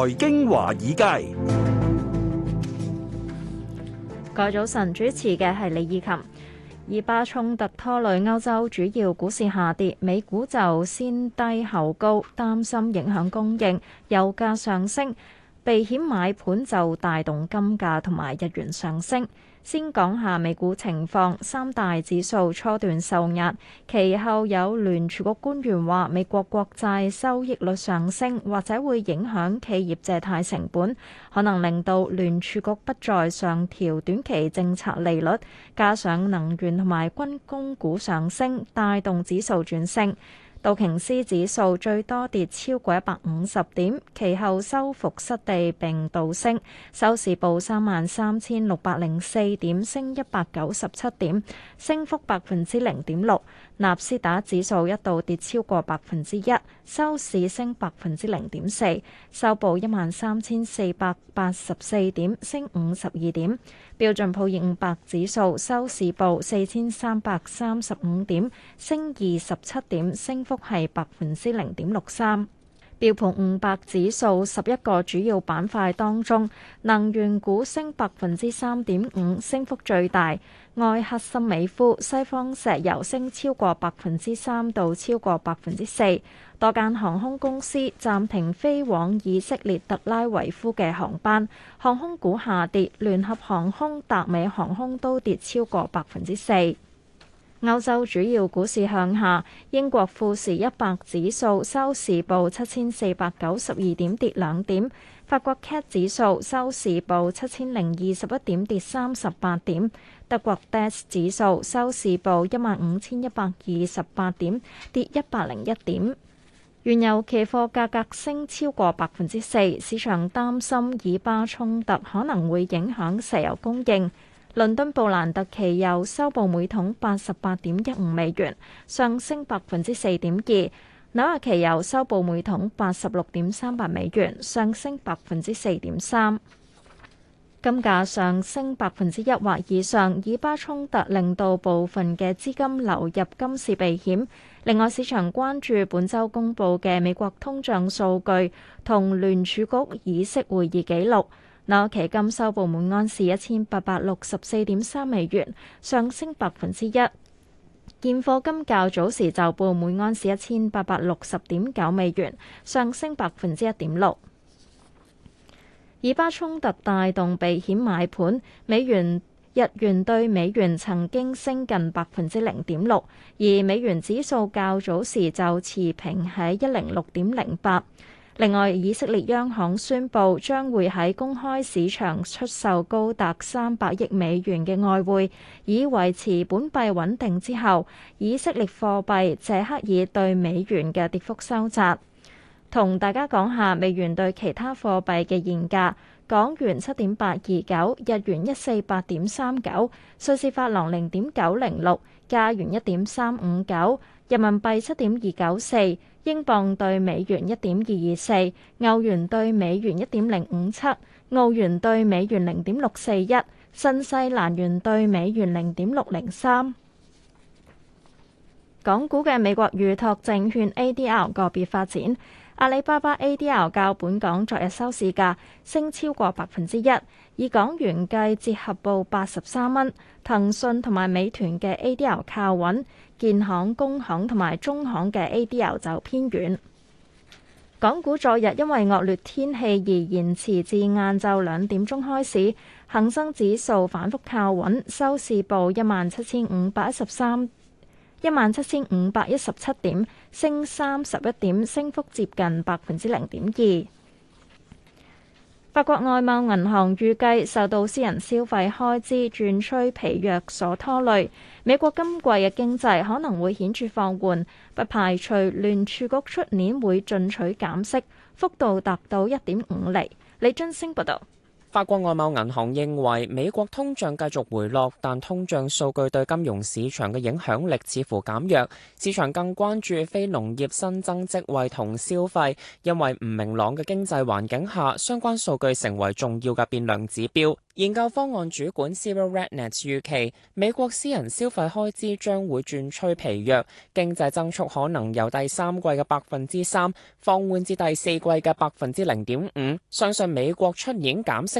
財經華爾街，個早晨主持嘅係李以琴。以巴衝突拖累歐洲主要股市下跌，美股就先低後高，擔心影響供應，油價上升，避險買盤就帶動金價同埋日元上升。先講下美股情況，三大指數初段受壓，其後有聯儲局官員話美國國債收益率上升，或者會影響企業借貸成本，可能令到聯儲局不再上調短期政策利率，加上能源同埋軍工股上升，帶動指數轉升。道瓊斯指數最多跌超過一百五十點，其後收復失地並倒升，收市報三萬三千六百零四點，升一百九十七點，升幅百分之零點六。納斯達指數一度跌超過百分之一，收市升百分之零點四，收報一萬三千四百八十四點，升五十二點。標準普爾五百指數收市報四千三百三十五點，升二十七點，升幅係百分之零點六三。標普五百指數十一個主要板塊當中，能源股升百分之三點五，升幅最大。埃克森美孚、西方石油升超過百分之三到超過百分之四。多間航空公司暫停飛往以色列特拉維夫嘅航班，航空股下跌，聯合航空、達美航空都跌超過百分之四。歐洲主要股市向下，英國富時一百指數收市報七千四百九十二點，跌兩點；法國 CAC 指數收市報七千零二十一點，跌三十八點；德國 DAX 指數收市報一萬五千一百二十八點，跌一百零一點。原油期貨價格升超過百分之四，市場擔心以巴衝突可能會影響石油供應。倫敦布蘭特期油收報每桶八十八點一五美元，上升百分之四點二；紐約期油收報每桶八十六點三八美元，上升百分之四點三。金價上升百分之一或以上，以巴衝突令到部分嘅資金流入金市避險。另外，市場關注本周公布嘅美國通脹數據同聯儲局議息會議記錄。期金收報每盎司一千八百六十四點三美元，上升百分之一。現貨金較早時就報每盎司一千八百六十點九美元，上升百分之一點六。以巴衝突帶動避險買盤，美元日元對美元曾經升近百分之零點六，而美元指數較早時就持平喺一零六點零八。另外，以色列央行宣布將會喺公開市場出售高達三百億美元嘅外匯，以維持本幣穩定。之後，以色列貨幣謝克爾對美元嘅跌幅收窄。同大家講下美元對其他貨幣嘅現價：港元七點八二九，日元一四八點三九，瑞士法郎零點九零六，加元一點三五九。人民幣七點二九四，英鎊兌美元一點二二四，歐元兌美元一點零五七，澳元兌美元零點六四一，新西蘭元兌美元零點六零三。港股嘅美國預託證券 ADR 個別發展。阿里巴巴 ADR 較本港昨日收市價升超過百分之一，以港元計折合報八十三蚊。騰訊同埋美團嘅 ADR 靠穩，建行、工行同埋中行嘅 ADR 就偏軟。港股昨日因為惡劣天氣而延遲至晏晝兩點鐘開市，恒生指數反覆靠穩，收市報一萬七千五百一十三。一萬七千五百一十七點，升三十一點，升幅接近百分之零點二。法國外貿銀行預計受到私人消費開支轉趨疲弱所拖累，美國今季嘅經濟可能會顯著放緩，不排除聯儲局出年會進取減息，幅度達到一點五厘。李津星報道。法國外貿銀行認為，美國通脹繼續回落，但通脹數據對金融市場嘅影響力似乎減弱。市場更關注非農業新增職、職位同消費，因為唔明朗嘅經濟環境下，相關數據成為重要嘅變量指標。研究方案主管 Cyril Regnat 預期，美國私人消費開支將會轉趨疲弱，經濟增速可能由第三季嘅百分之三放緩至第四季嘅百分之零點五。相信美國出現減息。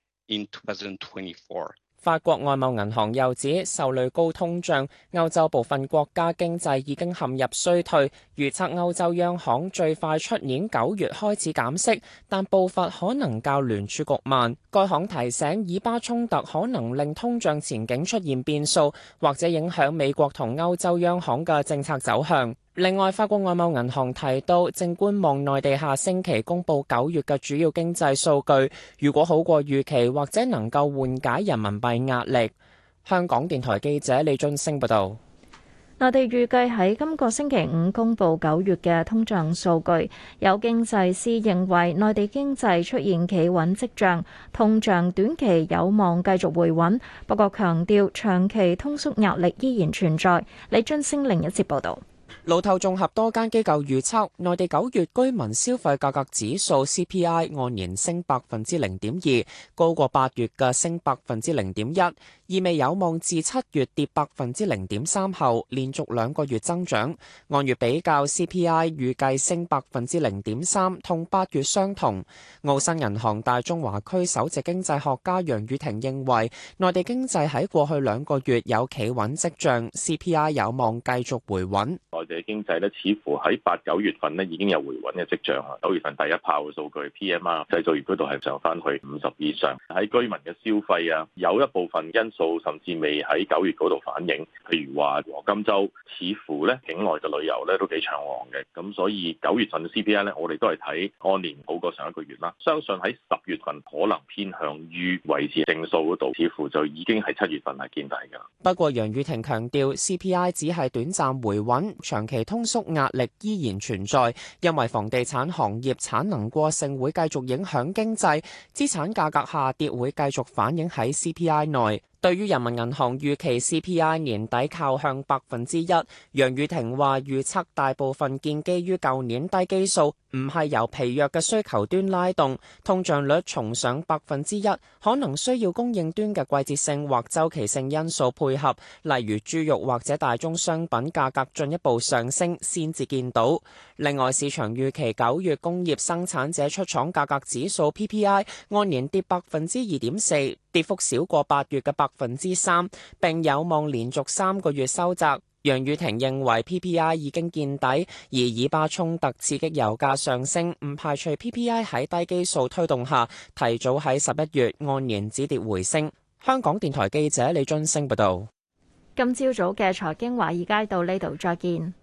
法國外貿銀行又指，受累高通脹，歐洲部分國家經濟已經陷入衰退，預測歐洲央行最快出年九月開始減息，但步伐可能較聯儲局慢。該行提醒，以巴衝突可能令通脹前景出現變數，或者影響美國同歐洲央行嘅政策走向。另外，法國外貿銀行提到，正觀望內地下星期公布九月嘅主要經濟數據，如果好過預期，或者能夠緩解人民幣壓力。香港電台記者李津升報道。內地預計喺今個星期五公布九月嘅通脹數據，有經濟師認為內地經濟出現企穩跡象，通脹短期有望繼續回穩，不過強調長期通縮壓力依然存在。李津升另一節報道。路透綜合多間機構預測，內地九月居民消費價格指數 CPI 按年升百分之零點二，高過八月嘅升百分之零點一，意味有望自七月跌百分之零點三後，連續兩個月增長。按月比較 CPI 預計升百分之零點三，同八月相同。澳新銀行大中華區首席經濟學家楊宇霆認為，內地經濟喺過去兩個月有企穩跡象，CPI 有望繼續回穩。嘅經濟咧，似乎喺八九月份咧已經有回穩嘅跡象啊！九月份第一炮嘅數據 PMI 製造業嗰度係上返去五十以上，喺居民嘅消費啊，有一部分因素甚至未喺九月嗰度反映，譬如話黃金週，似乎咧境內嘅旅遊咧都幾暢旺嘅，咁所以九月份嘅 CPI 咧，我哋都係睇按年好過上一個月啦。相信喺十月份可能偏向於維持正數嗰度，似乎就已經係七月份係見底噶。不過楊雨婷強調，CPI 只係短暫回穩，長長期通縮壓力依然存在，因為房地產行業產能過剩會繼續影響經濟，資產價格下跌會繼續反映喺 CPI 內。對於人民銀行預期 CPI 年底靠向百分之一，楊宇霆話預測大部分建基於舊年低基數，唔係由疲弱嘅需求端拉動，通脹率重上百分之一，可能需要供應端嘅季節性或周期性因素配合，例如豬肉或者大宗商品價格進一步上升先至見到。另外，市場預期九月工業生產者出廠價格指數 PPI 按年跌百分之二點四。跌幅少過八月嘅百分之三，並有望連續三個月收窄。楊雨婷認為 PPI 已經見底，而以巴衝突刺激油價上升，唔排除 PPI 喺低基數推動下提早喺十一月按年止跌回升。香港電台記者李俊升報導。今朝早嘅財經華爾街到呢度再見。